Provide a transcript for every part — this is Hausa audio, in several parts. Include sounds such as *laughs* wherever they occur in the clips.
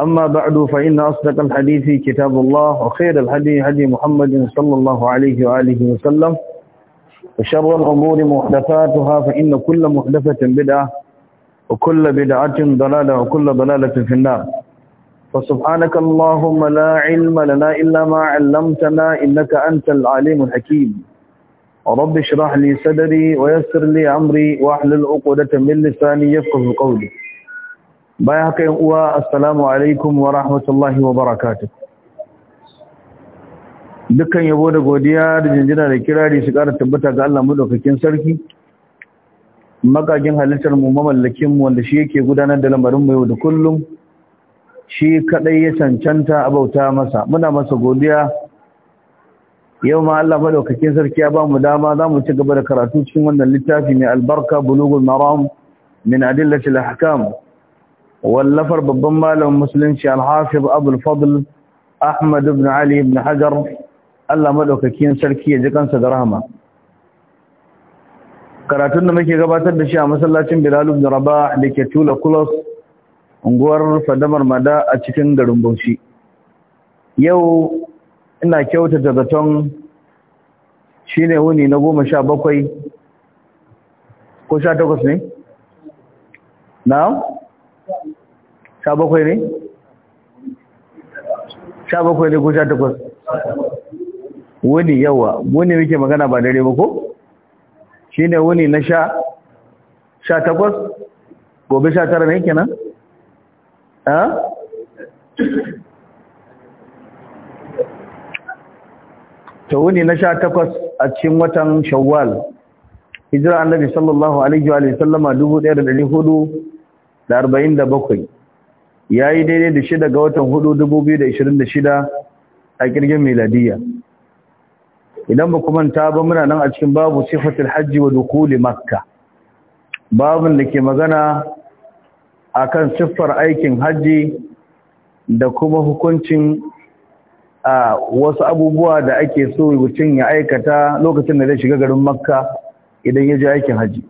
أما بعد فإن أصدق الحديث كتاب الله وخير الحديث حديث محمد صلى الله عليه وآله وسلم وشر الأمور محدثاتها فإن كل محدثة بدعة وكل بدعة ضلالة وكل ضلالة في النار فسبحانك اللهم لا علم لنا إلا ما علمتنا إنك أنت العليم الحكيم رب اشرح لي صدري ويسر لي أمري واحلل عقدة من لساني يفقه قولي bayan haka yin uwa assalamu alaikum wa rahmatullahi wa barakatuh dukkan yabo da godiya da jinjina da kirari su kara tabbata ga Allah madaukakin sarki magagin halittar mu mamallakin mu wanda shi yake gudanar da lamarin mu yau da kullum shi kadai ya cancanta a bauta masa muna masa godiya yau ma Allah madaukakin sarki ya ba mu dama za mu ci gaba da karatu cikin wannan littafi mai albarka bulugun maram min adillatil ahkam wallafar babban malamin musulunci al-hafiz abul fadl ahmad ibn ali ibn hajar Allah madaukakin sarki ya ji kansa da rahama karatun da muke gabatar da shi a masallacin bilal ibn rabah ke tula kulos unguwar fadamar mada a cikin garin bauchi yau ina kyautata zaton shine wuni na goma sha bakwai ko sha takwas ne? na'am? sha bakwai ne? sha bakwai ne ko sha takwas wuni yawa wuni muke magana ba dare ba ko? shi ne wuni na sha sha takwas gobe sha tara ne kenan? ha? ta wuni na sha takwas a cikin watan shawwal hijira annabi sallallahu alaihi wa sallama dubu ɗaya da da ɗari hudu arba'in bakwai. ya yi daidai da shida ga watan hudu dubu biyu da ishirin da shida a kirgin miladiya idan ba manta ba muna nan a cikin babu sifatul hajji wa dukuli makka babun da ke magana a kan siffar aikin hajji da kuma hukuncin a wasu abubuwa da ake so mutum ya aikata lokacin da zai shiga garin makka idan ya ji aikin hajji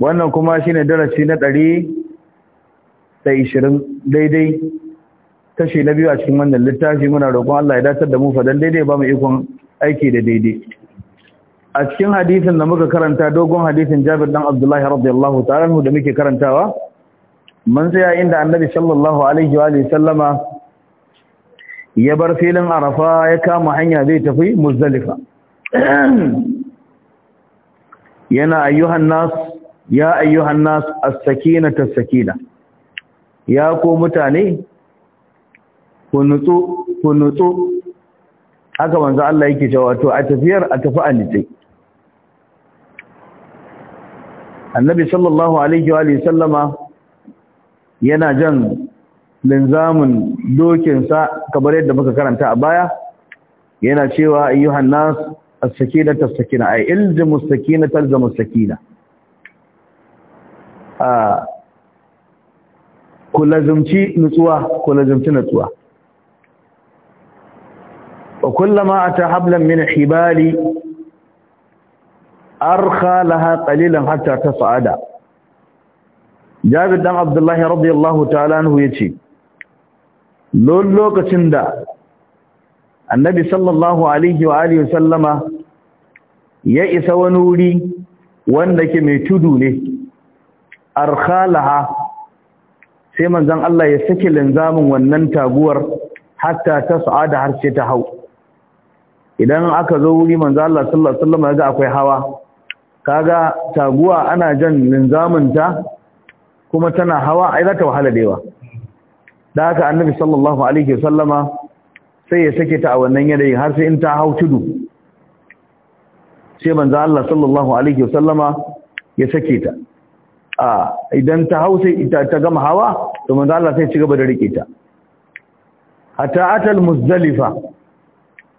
wannan kuma shi shine darasi na ɗari da 20 daidai tashi na biyu a cikin wannan littafi muna roƙon Allah ya datar da mu fadan daidai ba mu ikon aiki da daidai a cikin hadisin da muka karanta dogon hadisin Jabir dan Abdullah radiyallahu ta'ala da muke karantawa mun tsaya inda Annabi sallallahu alaihi wa sallama ya bar filin Arafa ya kama hanya zai tafi Muzdalifa *clears throat* yana ayyuhan nas ya ayyuhan nas as-sakinatu as-sakinah ya ko mutane ku nutsu ku nutsu haka manzo Allah yake cewa to a tafiyar a tafi a nitse annabi sallallahu alaihi wa sallama yana jan linzamin sa kamar yadda muka karanta a baya yana cewa ayyuhan nas as-sakina tas-sakina ay ilzimu as-sakina talzamu as-sakina ah ku lazumci nutsuwa ku lazumci nutsuwa wa kullama ata hablan min hibali arkha laha qalilan hatta tasada Jabir dan Abdullah radiyallahu ta'ala anhu yace lon lokacin da Annabi sallallahu alaihi wa alihi sallama ya isa wani wuri wanda ke mai tudu ne arkhalaha sai manzan Allah ya sake linzamin wannan taguwar hatta ta sa'ada har sai ta hau idan aka zo wuri manzan Allah sallallahu alaihi wasallam ga akwai hawa kaga taguwa ana jan linzamin ta kuma tana hawa ai za ta wahala da yawa da haka annabi sallallahu alaihi wasallama sai ya sake ta a wannan yanayin har sai in ta hau tudu sai manzan Allah sallallahu alaihi wasallama ya sake ta a idan ta hau sai ita ta gama hawa to manzo Allah sai ci gaba da rike ta hatta atal muzdalifa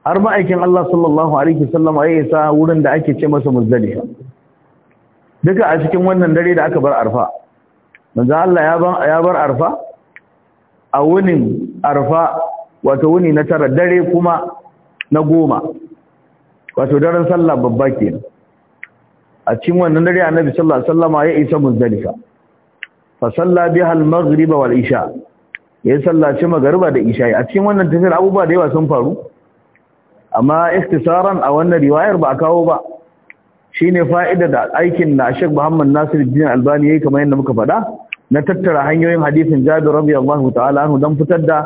har ma'aikin Allah sallallahu alaihi wasallam ayi sa wurin da ake ce masa muzdalifa duka a cikin wannan dare da aka bar arfa manzo Allah ya bar ya bar arfa a wunin arfa wato wuni na tara dare kuma na goma wato daren sallah babba kenan a cikin wannan dare annabi sallallahu alaihi wasallama ya isa muzdalifa fa salla biha al-maghrib wal isha ya sallaci magariba da isha a cikin wannan tafsir abubuwa da yawa sun faru amma ikhtisaran a wannan riwayar ba a kawo ba shine fa'ida da aikin da Sheikh Muhammad Nasiruddin Albani yayi kamar yadda muka faɗa na tattara hanyoyin hadisin Jabir radiyallahu ta'ala anhu dan fitar da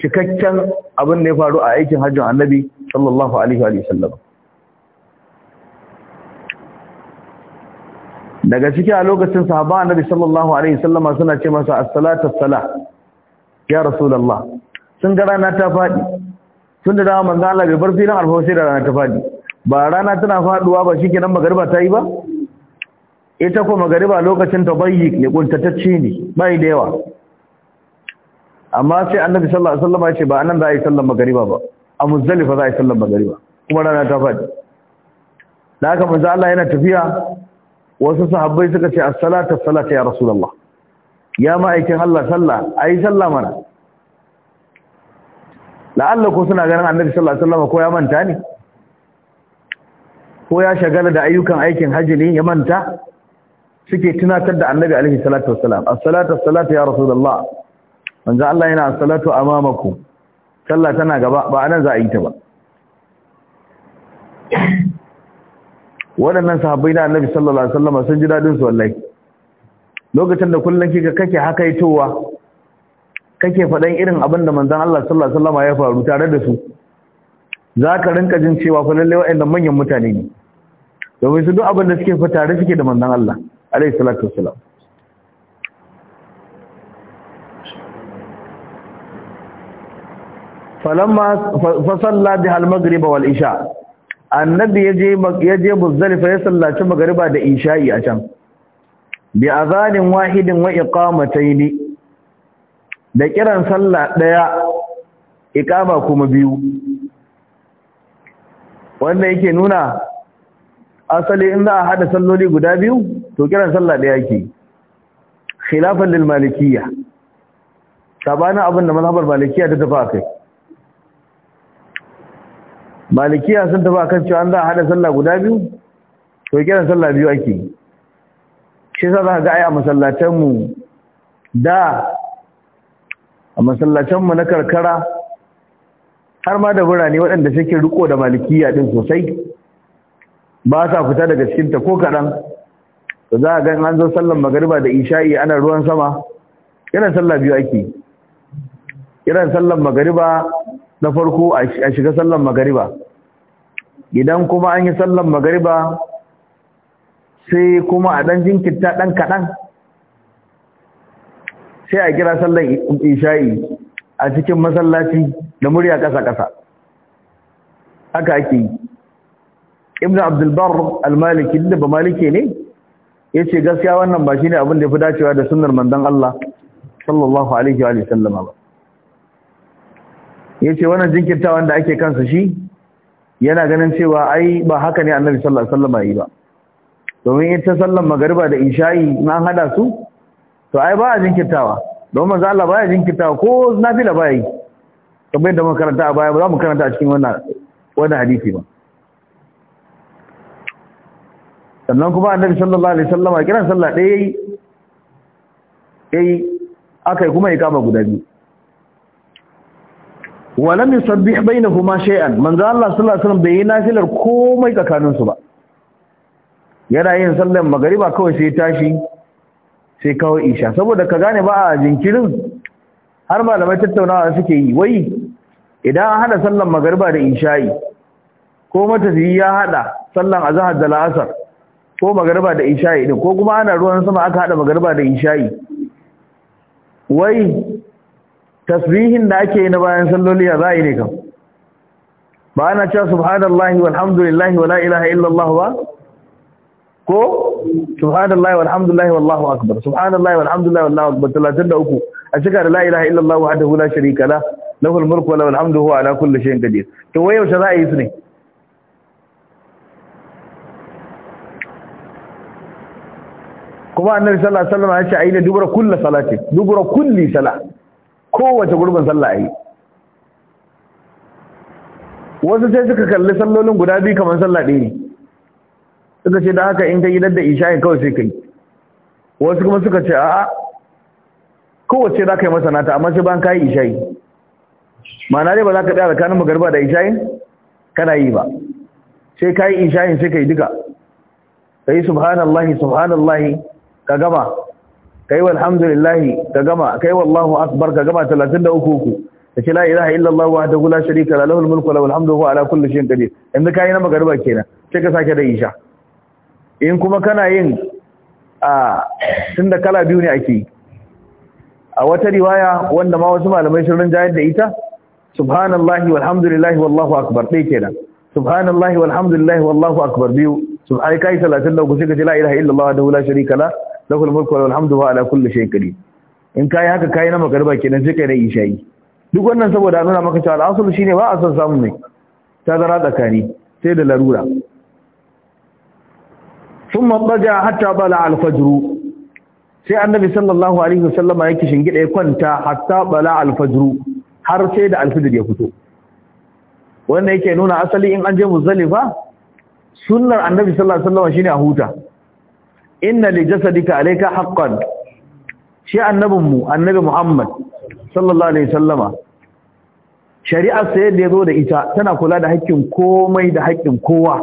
cikakken abin da ya faru a aikin hajjin Annabi sallallahu alaihi wa sallam daga ciki a lokacin sahaba annabi sallallahu alaihi wasallam suna ce masa as-salatu as-sala ya rasulullah sun ga rana ta fadi sun da dama manzo Allah bai bar filin arfa sai da rana ta fadi ba rana tana faduwa ba shikenan magariba ta yi ba ita ko magariba lokacin tabayyi ne kuntatacce ne bai da yawa amma sai annabi sallallahu alaihi wasallam ya ce ba anan za a yi sallar magariba ba a muzdalifa za a yi sallar magariba kuma rana ta fadi da haka manzo Allah yana tafiya wasu sahabbai suka ce as-salatu as ya rasulullah ya ma'aikin Allah sallah ayi sallah mana la'alla ko suna ganin annabi sallallahu alaihi wasallam ko ya manta ne ko ya shagala da ayyukan aikin haji ne ya manta suke tunatar da annabi alaihi salatu wassalam as-salatu as-salatu ya rasulullah manzo Allah yana as-salatu amamakum sallah tana gaba ba anan za a yi ta ba waɗannan sahabbai na annabi sallallahu alaihi wasallam sun ji dadin su wallahi lokacin da kullun kika kake haka yitowa kake faɗan irin abin da manzon Allah sallallahu alaihi wasallam ya faru tare da su zaka rinka jin cewa fa lalle waɗannan manyan mutane ne domin su duk abin da suke fa tare suke da manzon Allah alaihi salatu wasallam falamma fasalla bihal maghrib wal isha annabi yaje je muzdalifa ya sallaci magariba da isha'i a can bi azanin wahidin wa iqamataini da kiran sallah daya iqama kuma biyu wanda yake nuna asali in za a hada salloli guda biyu to kiran sallah daya yake khilafan lil malikiyya tabana abin da mazhabar malikiyya ta tafi kai. malikiya sun tafi kan cewa an za a hada sallah guda biyu to kiran sallah biyu ake shi sa za ka ga ai a masallacenmu da a masallacenmu na karkara har ma da birane waɗanda suke riko da malikiya din sosai ba sa fita daga cikin ta ko kaɗan to za a ga an zo sallan magariba da isha'i ana ruwan sama kiran sallah biyu ake kiran sallan magariba na farko a shiga sallan magariba idan kuma an yi sallan magariba sai kuma a dan jinkirta dan kadan sai a kira sallan isha'i a cikin masallaci da murya kasa kasa haka ake yi ibn abdulbar da ba maliki ne yace gaskiya wannan ba shine abin da ya fi dacewa da sunar mandan Allah sallallahu alaihi wa sallama ba yace wannan jinkirtawan da ake kansa shi yana ganin cewa ai ba haka ne annabi sallallahu alaihi wasallam yi ba domin ita sallan magariba da isha'i na hada su to ai ba jinkirtawa don manzo Allah ya jinkirtawa ko nafila ba yi kamar yadda muka karanta a baya ba za mu karanta a cikin wannan wannan hadisi ba sannan kuma annabi sallallahu alaihi wasallam kiran sallah ɗaya yayi yayi akai kuma ya kama guda biyu wala min sabbih bainahuma shay'an manzo Allah sallallahu alaihi wasallam bai yi nafilar komai tsakanin su ba yana yin sallar magariba kawai sai tashi sai kawai isha saboda ka gane ba a jinkirin har malamai tattaunawa suke yi wai idan an hada sallar magariba da isha'i ko matasiyi ya hada sallar azhar da la'asar ko magariba da isha'i din ko kuma ana ruwan sama aka hada magariba da isha'i wai tasbihin da ake yi na bayan salloli ya za'i ne kam ba ana cewa subhanallahi walhamdulillahi wala ilaha illallah ba ko subhanallahi walhamdulillahi wallahu akbar subhanallahi walhamdulillahi wallahu akbar 33 a cika da la ilaha illallah wahdahu la sharika la lahul mulku wa lahul hamdu huwa ala kulli shay'in qadir to wai yaushe za'a yi su ne kuma annabi sallallahu alaihi wasallam ya ce ayi da dubura kulli salati dubura kulli salati kowace gurbin sallah a yi wasu sai suka kalli sallolin guda biyu kamar sallah ɗaya ne suka ce da haka in ka yi da isha'i kawai sai ka yi wasu kuma suka ce a'a kowace za ka yi masana ta amma sai ban ka yi isha'i ma'ana dai ba za ka ɗaya tsakanin magarba da isha'i kana yi ba sai ka yi isha'i sai ka yi duka ka yi subhanallahi subhanallahi ka gama kai walhamdulillah ka gama kai wallahu akbar ka gama 33 uku kace la ilaha illallah wahdahu la sharika la lahul mulku wa lahul hamdu huwa ala kulli shay'in qadir inda kai na magariba kenan sai ka sake da isha in kuma kana yin a tunda kala biyu ne ake a wata riwaya wanda ma wasu malamai sun rinjayar da ita subhanallahi walhamdulillah wallahu akbar dai kenan subhanallahi walhamdulillah wallahu akbar biyu subhanaka 33 sai ce la ilaha illallah wahdahu la sharika la lakul mulku wal hamdu wa ala kulli shay'in qadir in kai haka kai na magarba kenan sai kai na ishayi duk wannan saboda nuna maka cewa al'asul shine ba a son samu mai zara tsakani sai da larura thumma taja hatta bala al-fajr sai annabi sallallahu alaihi ya kishin gida ya kwanta hatta bala al-fajr har sai da al-fajr ya fito wannan yake nuna asali in an je muzalifa sunnar annabi sallallahu alaihi wasallam shine a huta inna li jasadika alayka haqqan shi mu annabi Muhammad sallallahu alaihi wasallama shari'ar sai da yazo da ita tana kula da haƙƙin komai da haƙƙin kowa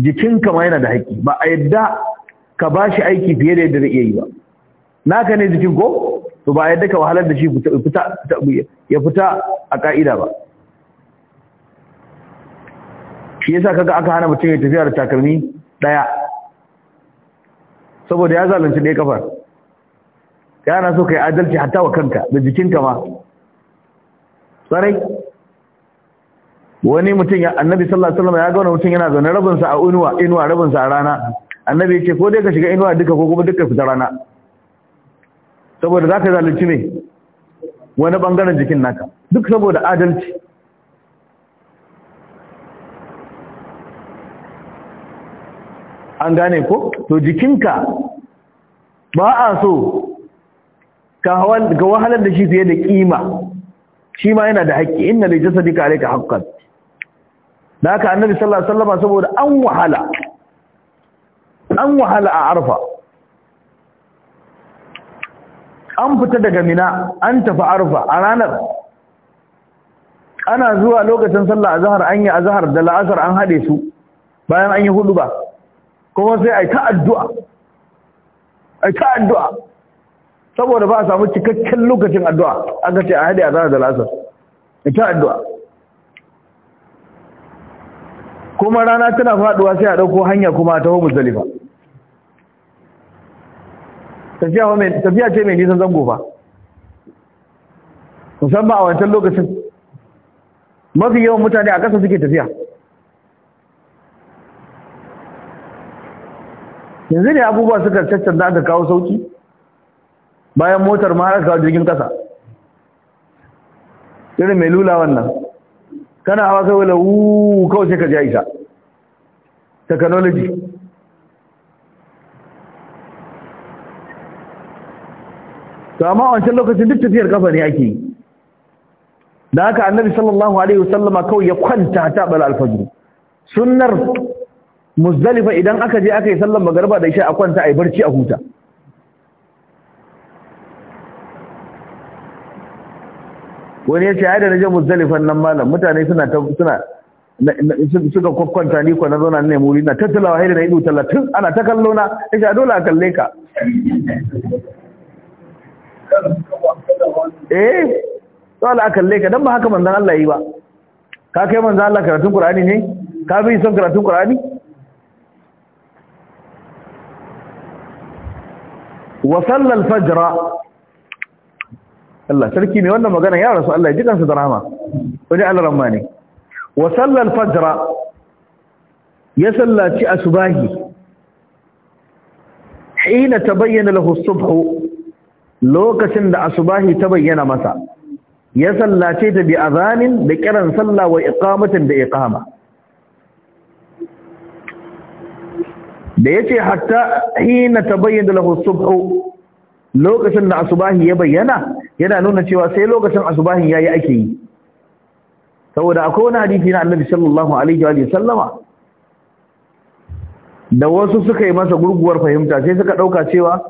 jikinka ma yana da haƙƙi ba a yadda ka bashi aiki fiye da yadda zai yi ba naka ne jikin ko to ba a yadda ka wahalar da shi fita ya fita a ka'ida ba shi yasa kaga aka hana mutum ya tafiya da takalmi daya saboda ya zalunci ɗaya kafar yana so kai adalci hatta wa kanka da jikinka ma sarai wani mutum ya annabi sallallahu alaihi wasallam ya ga wani mutum yana zaune rabin sa a inuwa inuwa rabin sa a rana annabi yake ko dai ka shiga inuwa duka ko kuma duka fita rana saboda zaka zalunci ne wani bangaren jikin naka duk saboda adalci an gane ko to jikinka ba a so ka wahalar da shi fiye da kima shi ma yana da haƙƙi inna da jasa dika alaika haƙƙan da haka annabi sallallahu alaihi wasallam saboda an wahala an wahala a arfa an fita daga mina an tafi arfa a ranar ana zuwa lokacin sallah azhar an yi azhar da la'asar an hade su bayan an yi hudu ba kuma sai ai ta addu'a ai ta addu'a saboda ba a samu cikakken lokacin addu'a aka ce a haɗe a zara da lasar yi ta addu'a kuma rana tana faɗuwa sai a ɗauko hanya kuma a taho muzdalifa tafiya ce mai nisan zango ba musamman a wancan lokacin mafi yawan mutane a ƙasa suke tafiya yanzu ne abubuwa suka caccanza aka kawo sauki bayan motar ma aka kawo jirgin kasa irin mai lula wannan kana hawa kai wala uu kawai sai ka ji aisha technology to amma a wancan lokacin duk tafiyar kafa ne ake yi da haka annabi sallallahu alaihi wasallama kawai ya kwanta ta bala alfajiri sunnar muzdalifa idan aka je aka yi sallan magarba da isha a kwanta a yi barci a huta wani ya ce ai na je muzdalifan nan malam mutane suna suna suka kwakwanta ni ko na na ne muri na tattalawa haida na ido talatin ana ta kallo na isha dole a kalle ka eh dole a kalle ka don ba haka manzan Allah yi ba ka kai manzan Allah karatun Kur'ani ne ka bi son karatun Kur'ani wa sallal fajra Allah sarki ne wannan magana ya rasu Allah ya ji kansa da rahama wani alramma ne wa sallal fajra ya sallaci asubahi hina tabayyana lahu as-subh lokacin da asubahi ta bayyana masa ya sallace ta bi azanin da kiran sallah wa iqamatin da iqama da ya ce, hatta hina bayyana lahu subhu lokacin da asubahi ya bayyana yana nuna cewa sai lokacin ya yi ake yi saboda akwai wani hadisi na Annabi sallallahu alaihi wa sallama da wasu suka yi masa gurguwar fahimta sai suka dauka cewa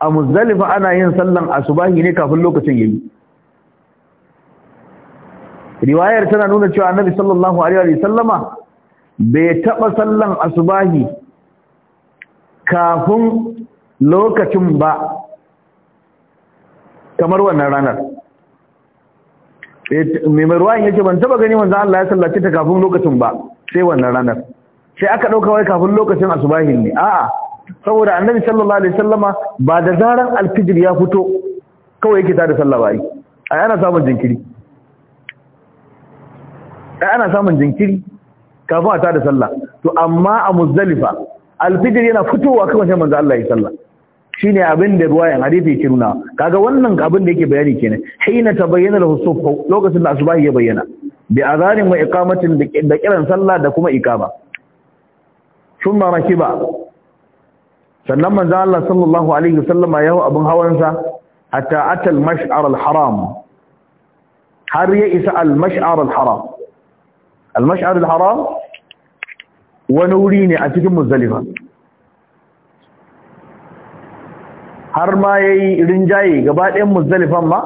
a Muzdalifa ana yin sallan asubahi ne kafin lokacin yayi riwayar tana nuna cewa Annabi sallallahu alaihi wa sallama bai taba sallan asubahi kafin lokacin ba kamar wannan ranar eh, mai mai ruwan yake ban taba gani wanzu Allah ya sallace ta kafin lokacin ba sai wannan ranar sai aka ɗauka wai kafin lokacin asubahin ne a'a saboda annabi sallallahu alaihi sallama ba da zaran alfijir ya fito kawai yake tada sallah ba yi ai ana samun jinkiri ai ana samun jinkiri kafin a tada sallah to amma a muzdalifa alfijir yana fitowa kawai sai manzo Allah ya sallah Shi shine abin da ruwayan hadisi yake nuna kaga wannan abin da yake bayani kenan hina bayyana lahu sufu lokacin da asubahi ya bayyana bi azanin wa iqamatin da kiran sallah da kuma iqama thumma rakiba sannan manzo Allah sallallahu alaihi wasallam ya hawo abin hawansa hatta atal mash'ar al-haram har ya isa al-mash'ar al-haram al-mash'ar al-haram wani wuri ne a cikin muzdalifa har ma ya yi rinjaye gaba ɗayan muzalifan ma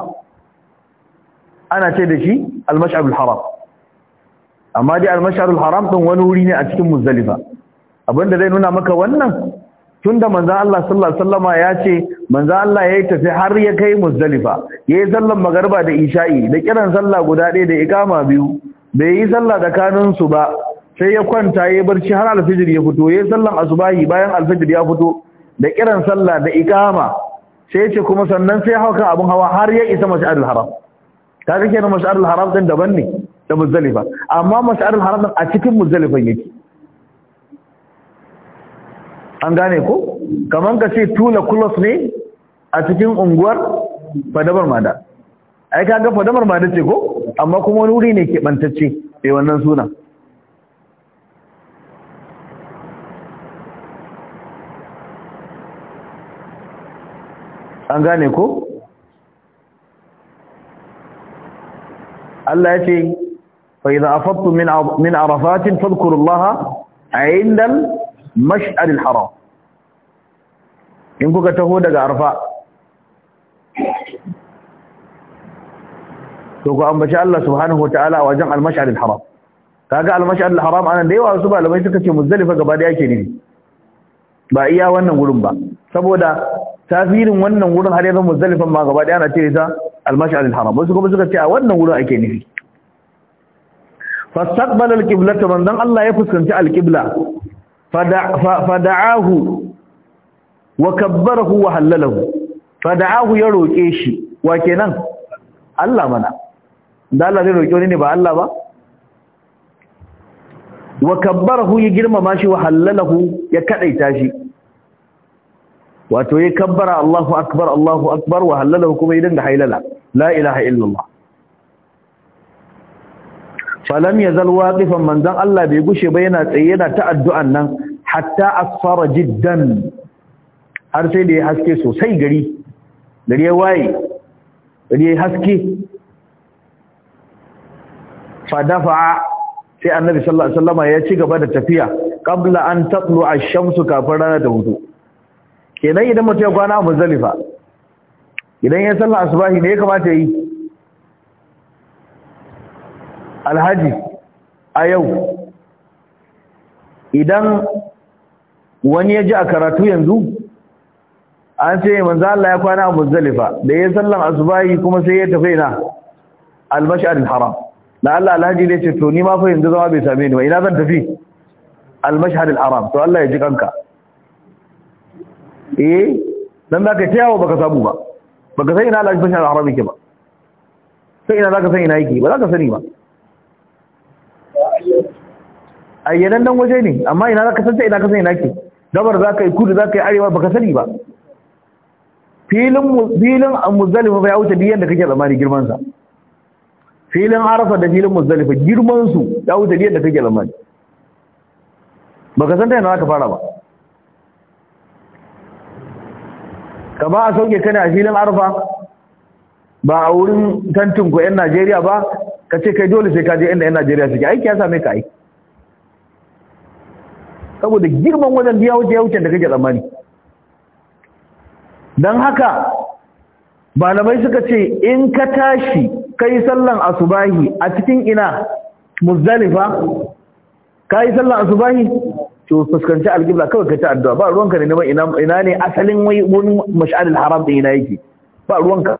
ana ce da shi al haram amma dai al haram ɗin wani wuri ne a cikin muzdalifa abinda zai nuna maka wannan tun da manzan Allah sallallahu alaihi wasallama ya ce manzan Allah ya yi tafi har ya kai ya yi zallon magariba da isha'i da kiran sallah guda ɗaya da ikama biyu bai yi sallah da kanunsu ba sai ya kwanta ya barci har alfijir ya fito ya sallan asubahi bayan alfijir ya fito da kiran sallah da ikama sai ce kuma sannan sai hauka abun hawa har ya isa mas'arul haram kaga kenan mas'arul haram din daban ne da muzdalifa amma mas'arul haram din a cikin muzdalifa yake an gane ko kaman ka ce tula kulos ne a cikin unguwar fadabar mada ai kaga fadabar mada ce ko amma kuma wani wuri ne ke bantacce sai wannan sunan an gane ko Allah ya ce fa a fattu min min arafat fadhkurullaha 'inda al-mash'ar al-haram in kuka taho daga arfa to ku ambaci Allah subhanahu ta'ala a wajen al-mash'ar al-haram kaga al-mash'ar al-haram anan da yawa su ba malamai suka ce muzdalifa gaba da yake ne ba iya wannan gurin ba saboda Tafirin wannan wurin har yanzu muzdalifan ma gaba daya ana ce ta almashi mashar al-haram wasu kuma suka ce a wannan wurin ake nufi fastaqbala al-qiblata manzon Allah ya fuskanci al-qibla fada'ahu wa kabbarahu wa hallalahu fada'ahu ya roke shi wa kenan Allah mana da Allah zai roke ne ba Allah ba wa kabbarahu ya girmama shi wa hallalahu ya kadaita shi wato ya kabbara Allahu akbar Allahu akbar wa halala kuma idan da hailala la ilaha illallah falam yazal waqifan manzan Allah bai gushe ba yana tsaye yana ta addu'an nan hatta asfara jiddan har sai da ya haske sosai gari gari ya waye gari ya haske fadafa sai annabi sallallahu alaihi wasallama ya ci gaba da tafiya qabla an tatlu ash-shamsu kafin rana da hudu kenan idan mutum ya kwana a Muzalifa idan ya sallah asubahi ne ya kamata yi alhaji a yau idan wani ya ji a karatu yanzu an ce manzo Allah ya kwana a Muzalifa da ya sallan asubahi kuma sai ya tafi na almashar alharam na Allah alhaji ne ce to ni ma fa yanzu zama bai same ni ba ina zan tafi almashar alharam to Allah ya ji kanka eh dan zaka tayawo baka samu ba baka sai ina Allah ba al-haram ke ba sai ina zaka sani ina yake ba zaka sani ba ayyanan nan waje ne amma ina zaka san ina ka sani ina yake gabar zaka yi kudu zaka yi arewa baka sani ba filin filin muzdalifa bai wuce biyan da kake zamani girman sa filin arafa da filin muzalifa girman su ya wuce biyan da kake zamani baka san ta ina zaka fara ba ka ba a sauke ka a filin arfa ba a wurin tantin ku 'yan najeriya ba ka ce kai dole sai ka je inda 'yan najeriya suke aiki ya same ka aiki saboda girman wajen biya wuce ya wuce da kake tsammani don haka malamai suka ce in ka tashi kai sallan asubahi a cikin ina muzdalifa ka yi sallan asubahi to fuskanci alƙibla kawai ka ta addu'a ba ruwanka ne man ina ne asalin wai wurin mash'alil haram din ina yake ba ruwanka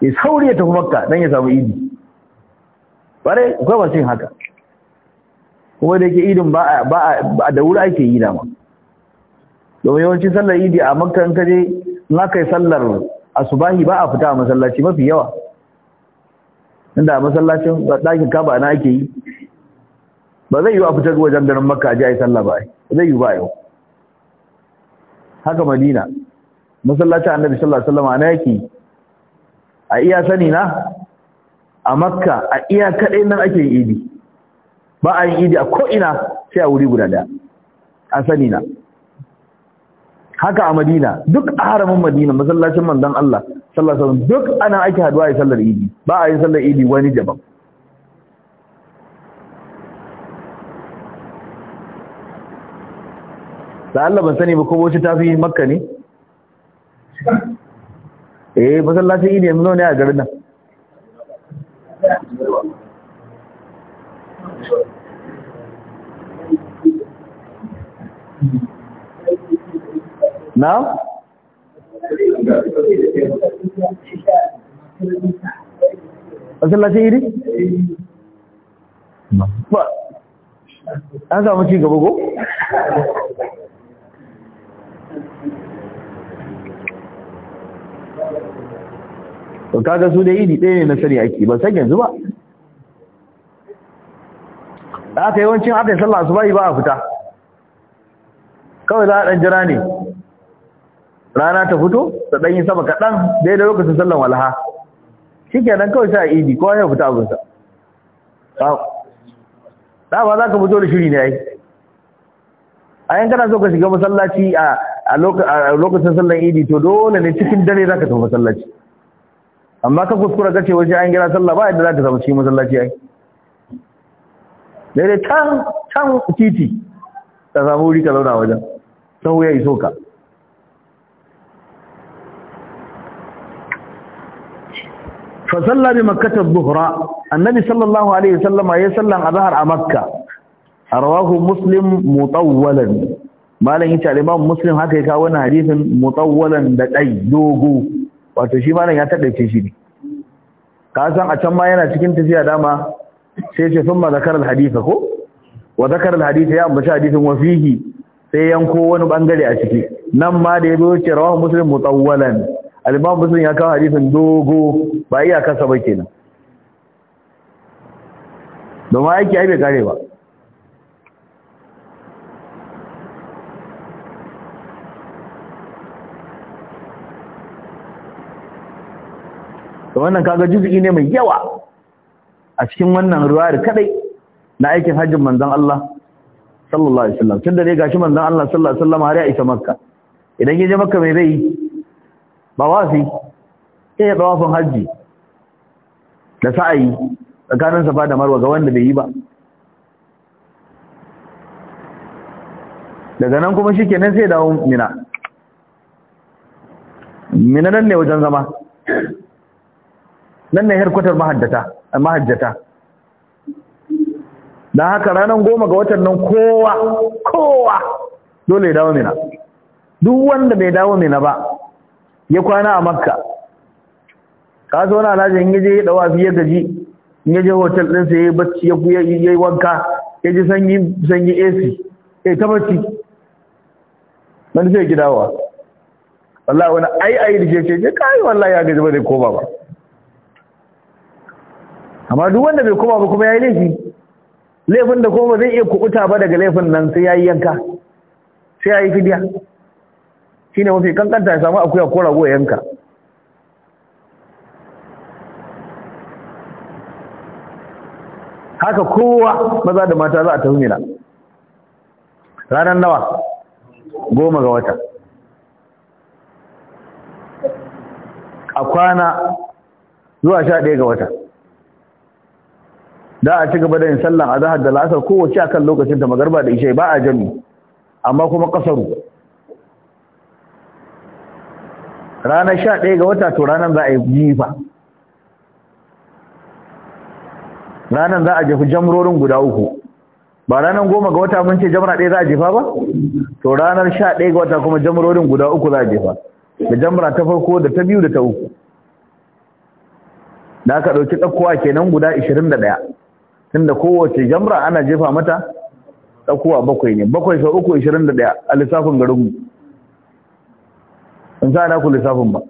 ya sauri ya tafi makka don ya samu idi ƙwarai kuma ba cin haka kuma da yake idin ba a da wuri ake yi dama domin yawancin sallar idi a makka in kaje na kai yi sallar asubahi ba a fita a masallaci mafi yawa inda a masallacin ɗakin kaba na ake yi ba zai yi a fitar wajen garin makka a ji sallar ba zai yi ba yau haka madina masallacin annabi sallar alaihi wasallam na yake a iya sani na a makka a iya kaɗai nan ake yin idi ba a yin idi a ko'ina sai a wuri guda daya a sani na haka a madina duk a haramin madina masallacin mandan Allah sallasa duk ana ake haduwa a sallar idi ba a yin sallar idi wani daban da Allah ban sani ba ko wacce tafi makka ne eh masallacin idi yanzu ne a garin nan na? masallacin idi? ba an samu ci gaba ko? to kaga su da iri ɗaya ne na sani ake ban san yanzu ba Da aka yawancin aka yi sallah bayi ba a fita kawai za a ɗan jira ne rana ta fito ta ɗan yi sama kaɗan da lokacin sallan walha shi nan kawai sai a idi kowa ya fita abinsa da ba za ka fito da shiri ne yi a yin kana so ka shiga masallaci a lokacin sallan idi to dole ne cikin dare za ka tafi masallaci amma ka kuskura ka ce waje an gira sallah ba yadda za ta zama cikin masallaci ai daidai can can titi ta samu wuri ka zauna wajen sau ya iso ka fasalla bi makkata dhuhra annabi sallallahu alaihi wasallam ya sallan azhar a makka rawahu muslim mutawwalan Malamin yace al-imam muslim haka ya kawo wannan hadisin mutawwalan da dai dogo wato shi malam ya taɗaice shi ne ka san a can ma yana cikin tafiya dama sai ce sun ma zakar alhadisa ko wa zakar alhadisa ya ambaci hadisin wafihi sai yanko wani bangare a ciki nan ma da ya zo ce rawahu muslim mutawwalan al-imam muslim ya kawo hadisin dogo ba iya kasa ba kenan domin aiki ai bai kare ba to wannan kaga juz'i ne mai yawa a cikin wannan ruwayar kadai na aikin hajjin manzon Allah sallallahu alaihi wasallam tunda dai gashi manzon Allah sallallahu alaihi wasallam har ya isa makka idan ya je makka mai zai ba wafi sai ya tawafin haji da sa'ayi tsakanin safa da marwa ga wanda bai yi ba daga nan kuma shikenan sai dawo mina mina nan ne wajen zama nan ne harkwatar mahajjata don haka ranar goma ga watan nan kowa kowa dole ya dawo mina duk wanda bai dawo mina ba ya kwana a makka ka zo na alhaji in yaje ya dawa ya gaji in yaje hotel din sai ya bacci ya yi wanka ya ji sanyi AC ya yi tabbaci wani sai gidawa wallah wani ai ai da ke ce kai wallah ya gaji ba zai koma ba amma duk wanda bai koma ba kuma yayi laifi laifin da kuma zai iya kubuta ba daga laifin nan sai yayi yanka sai yayi fidiya shine mafi kankanta ya samu akuya ko rago yanka haka kowa maza da mata za a tahumila ranar nawa goma ga wata a kwana zuwa sha ɗaya ga wata da a ci gaba da yin sallan zahar da la'asar kowace akan lokacin da magarba da ishe ba a jami amma kuma kasaru ranar 11 ga wata to ranar za a yi jifa ranar za a jefi jamrorin guda uku ba ranar goma ga wata mun ce jamra ɗaya za a jefa ba to ranar sha ɗaya ga wata kuma jamrorin guda uku za a jefa da jamra ta farko da ta biyu da ta uku da aka ɗauki ɗaukowa kenan guda ishirin da ɗaya tunda kowace jamra ana jefa mata tsakuwa bakwai ne bakwai sau uku ishirin da ɗaya a lissafin garinmu in sa na ku lissafin ba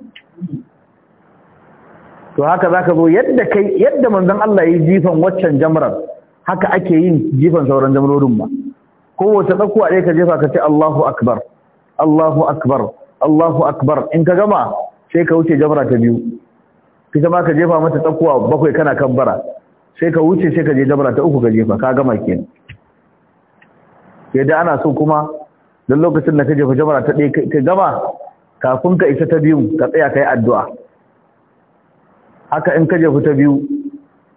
to haka za ka zo yadda kai yadda Allah ya yi jifan waccan jamrar haka ake yin jifan sauran jamrorin ba kowace tsakuwa ɗaya ka jefa ka ce Allahu akbar Allahu akbar Allahu akbar in ka gama sai ka wuce jamra ta biyu kisa ma ka jefa mata tsakuwa bakwai kana kabbara sai ka wuce sai ka je dabara ta uku ka jefa ka gama kenan yadda ana so kuma don lokacin da ka jefa dabara ta ɗaya ka gama kafin ka isa ta biyu ka tsaya ka yi addu'a haka in ka jefa ta biyu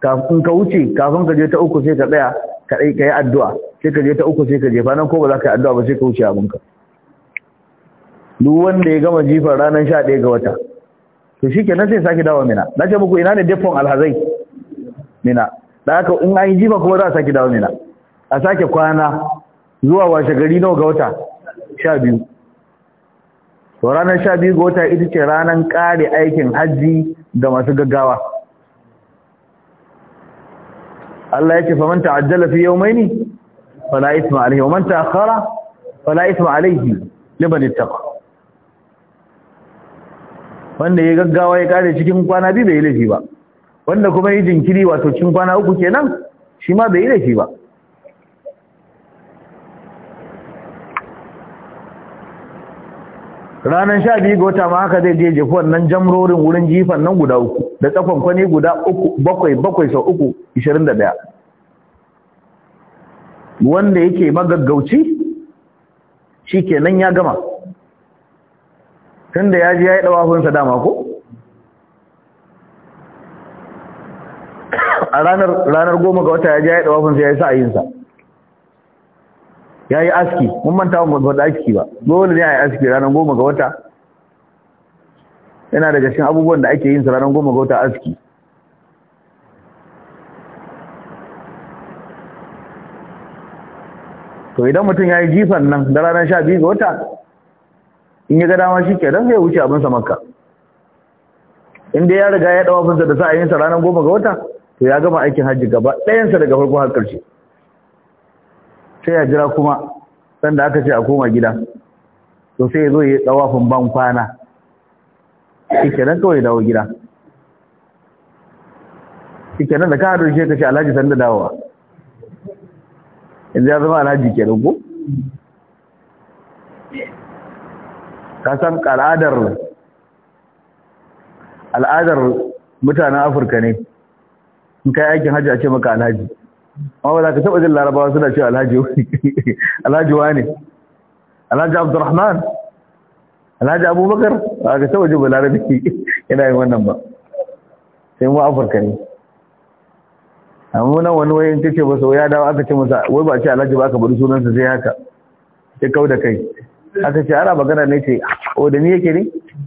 kafin ka wuce kafin ka je ta uku sai ka tsaya ka yi addu'a sai ka je ta uku sai ka jefa nan ko ba za ka yi addu'a ba sai ka wuce abinka duk wanda ya gama jifar ranar sha ɗaya ga wata to shi ke nan sai sake dawo mina na ce muku ina ne dafon alhazai mina da haka in an yi jima kuma za a sake dawo mina a sake kwana zuwa washe gari nawa ga wata sha biyu to ranar sha biyu ga wata ita ce ranar kare aikin hajji da masu gaggawa Allah ya ce fa manta ta'ajjala fi fa la isma alayhi wa man fa la isma alayhi liman ittaqa wanda ya gaggawa ya kare cikin kwana biyu bai laifi ba wanda kuma yi jinkiri wato cin kwana uku kenan shi ma bai yi laifi ba ranar sha biyu ga wata ma haka zai je jefi wannan jamrorin wurin jifan nan guda uku da tsakon kwani guda uku bakwai bakwai sau uku ishirin da ɗaya wanda yake magaggauci shi kenan ya gama tun da ya ji ya yi ɗawafinsa dama ko a ranar ranar goma ga wata ya je ya da wafin sai ya yi sa'ayinsa sa ya yi aski mun manta mun ba aski ba dole ne a yi aski ranar goma ga wata yana daga cikin abubuwan da ake yin sa ranar goma ga wata aski to idan mutum ya yi jifan nan da ranar sha biyu ga wata in ya ga dama shi ke don zai wuce abinsa makka inda ya riga ya ɗawa funsa da sa'ayinsa ranar goma ga wata to ya gama aikin hajji gaba ɗayansa daga farko har ƙarshe sai ya jira kuma sanda aka ce a koma gida to sai ya zo ya tsawafin ban kwana shike nan kawai dawo gida shike nan da ka haɗu shi ka ce alhaji sanda dawowa yanzu ya zama alhaji ke ko ka san al'adar mutanen afirka ne in kai aikin hajji a ce maka alhaji amma ba za ka taba jin larabawa suna ce alhaji *laughs* alhaji wa ne alhaji abdurrahman alhaji abubakar ba ka taba jin ba larabi *laughs* yana yin wannan ba sai mu afirka ne amma nan wani wayan kace ba sau ya dawo aka ce masa wai ba ce alhaji ba aka bari sunansa sai haka sai kau da kai aka ce ana magana ne ce o da ni yake ne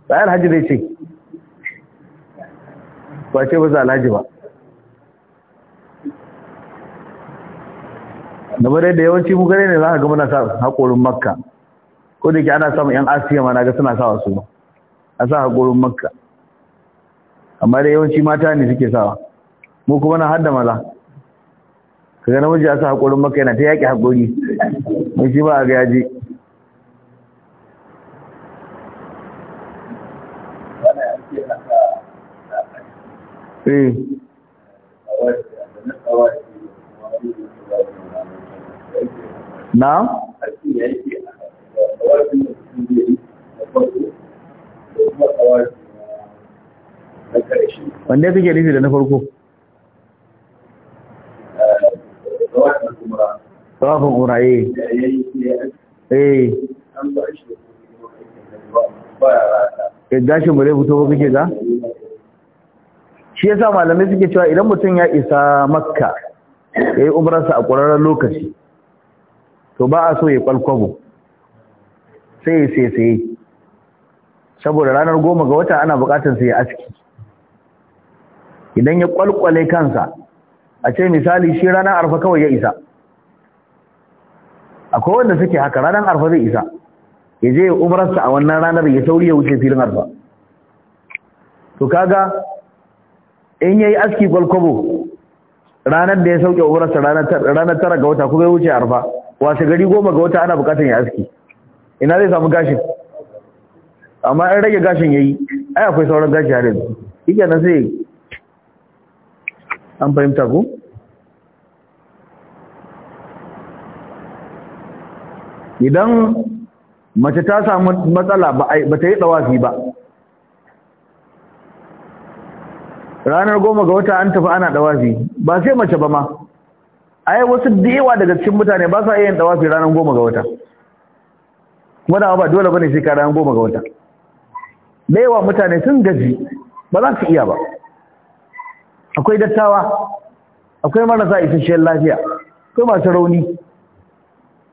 ba alhaji ne ce ba ce masa alhaji ba game da yadda yawanci mu gane ne za ka ga muna sa haƙorin makka ko da ke ana samun yan asiya ma na ga suna sawa su a sa haƙorin makka amma da yawanci mata ne suke sawa mu kuma na hadda maza ka ga namiji a sa haƙorin makka yana ta yaƙi haƙori mai shi ba a ga yaji eh na wanda suke nufi da na farko tsawafin ƙuraye eh ya eh. eh, gashin bare fito ba kake za? shi ya sa malamai suke cewa idan mutum ya isa makka ya yi umararsa a ƙwararren lokaci to ba a so ya kwalkwabo sai ya sai sai saboda ranar goma ga wata ana bukatar sai ya aski idan ya kwalkwale kansa a ce misali shi ranar arfa kawai ya isa a wanda suke haka ranar arfa zai isa ya je ya umararsa a wannan ranar ya sauri ya wuce filin arfa to kaga in ya yi aski kwalkwabo ranar da ya sauke umararsa ranar tara ga wata kuma ya wuce arfa washe gari goma ga wata ana bukatar ya aski ina zai samu gashin amma an rage gashin ya yi ai akwai sauran gashi har yanzu kike nan sai an fahimta ku. idan mace ta samu matsala ba ta yi dawafi ba ranar goma ga wata an tafi ana dawafi ba sai mace ba ma ai wasu da daga cikin mutane ba sa yin dawafi ranar goma ga wata kuma da ba dole bane sai ka ranar goma ga wata da yawa mutane sun gaji ba za su iya ba akwai dattawa akwai marasa isasshen lafiya akwai masu rauni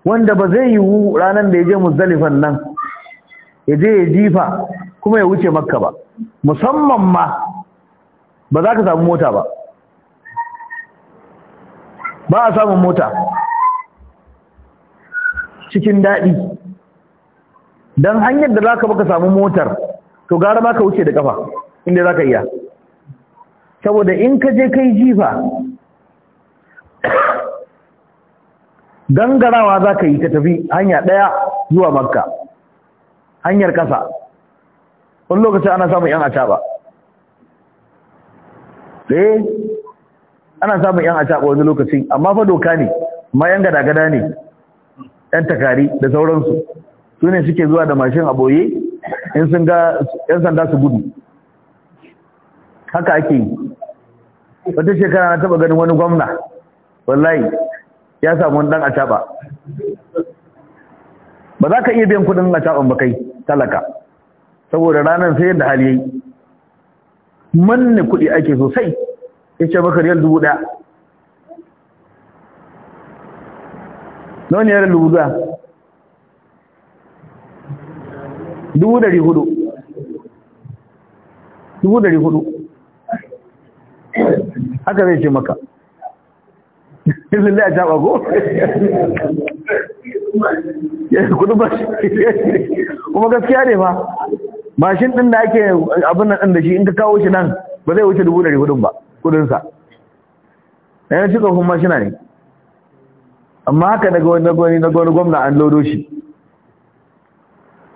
wanda ba zai yiwu ranar da ya je muzdalifan nan ya je ya jifa kuma ya wuce makka ba musamman ma ba za ka samu mota ba ba a samun mota cikin daɗi don hanyar da za ka baka samu motar to gara ma ka wuce da ƙafa inda za ka iya saboda in ka je kai jifa gangarawa za ka yi ka tafi hanya ɗaya zuwa makka hanyar ƙasa wani lokacin ana samun yan acaɓa ɗaya eh, ana samun yan acaba wani lokacin amma fa doka ne amma yan gada-gada ne yan takari da sauransu su ne suke zuwa da mashin a boye in sun ga yan sanda su gudu haka ake wata shekara na taba ganin wani gwamna wallahi ya samu wani dan acaɓa ba za ka iya biyan kudin acaɓan ba kai talaka saboda ranar sai yadda hali yayi manne kuɗi ake sosai ya ce yal dubu ɗaya nawa ne dubu ɗaya dubu ɗari hudu dubu ɗari hudu haka zai ce maka izin da ya taɓa ko kudu ba kuma gaskiya ne ba mashin ɗin da ake abin nan ɗin da shi in ka kawo shi nan ba zai wuce dubu ɗari hudun ba kudinsa na yana ci tsohon mashina ne amma haka daga wani gwani na gwani gwamna an lodo shi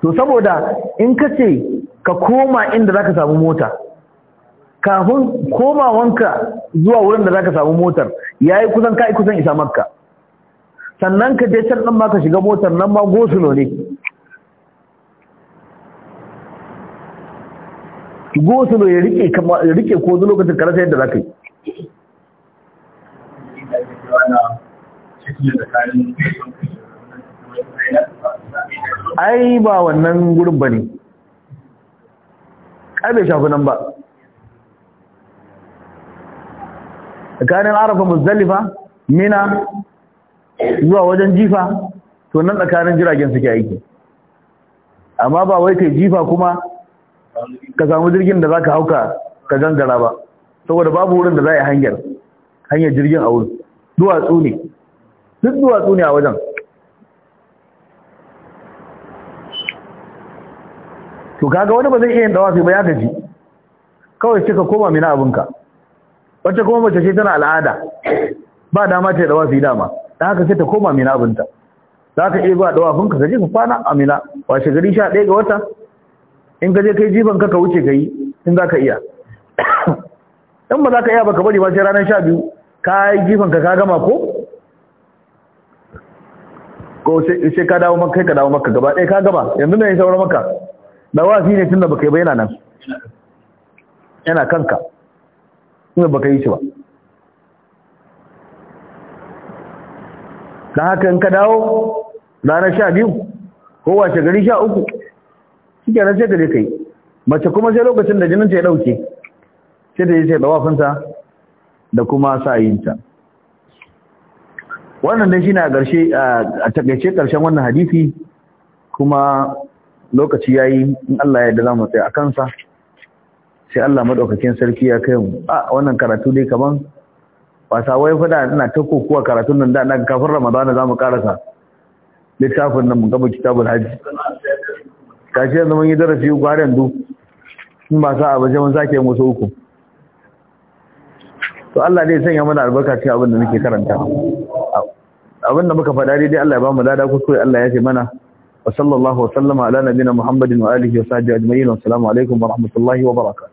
to saboda in ka ce ka koma inda za ka samu mota kafin komawanka zuwa wurin da za ka samu motar ya yi kusan ka'i kusan isa makka sannan ka je can nan ma ka shiga motar nan ma gosulo ne go ya rike kama ya rike ko zo lokacin karasa yadda za ka yi ai ba wannan gurin ba ne ai bai shafi nan ba tsakanin arafa muzdalifa mina zuwa wajen jifa to nan tsakanin jiragen suke aiki amma ba wai kai jifa kuma ka samu jirgin da za ka hauka ka gangara ba saboda babu wurin da za a yi hanyar hanyar jirgin a wurin duwatsu ne duk duwatsu ne a wajen to kaga wani ba zai iya yin dawa ba ya gaji kawai sai ka koma mina abinka wacce kuma mace ce tana al'ada ba dama ta yi dawa dama da haka sai ta koma mina abinta za ka iya zuwa dawa abinka ka je ka kwana a mina washe gari sha ɗaya ga wata in ka je kai jiban ka ka wuce ka yi in za ka iya in ba za ka iya ba ka bari ba sai ranar sha biyu ka yi jiban ka ka gama ko ko sai ka dawo maka kai ka dawo maka gaba ɗaya ka gama yanzu na yi sauran maka da wafi ne tunda baka yi ba yana nan yana kanka tunda baka yi shi ba don haka in ka dawo ranar sha biyu ko washe gari sha uku shi kenan sai ta je mace kuma sai lokacin da jinin ya dauke sai ta je sai dawafinta da kuma sa'ayinta wannan dai shine a garshe a takaice karshen wannan hadisi kuma lokaci yayi in Allah ya yarda zamu tsaya a kansa sai Allah madaukakin sarki ya kai mu a wannan karatu dai kaman wasa wai fada ina ta kokuwa karatun nan da na kafin Ramadan zamu karasa littafin nan mun gaba kitabul Haji. kashi yanzu mun yi darasi uku har yanzu in ba sa abu mun sake musu uku to Allah ne sanya mana albarka cikin abin da muke karanta abin da muka faɗa dai Allah ya ba mu lada kuskure Allah ya ce mana wa sallallahu wa sallama ala nabiyina Muhammadin wa alihi wa sahbihi ajma'in wa assalamu alaikum wa rahmatullahi wa barakatuh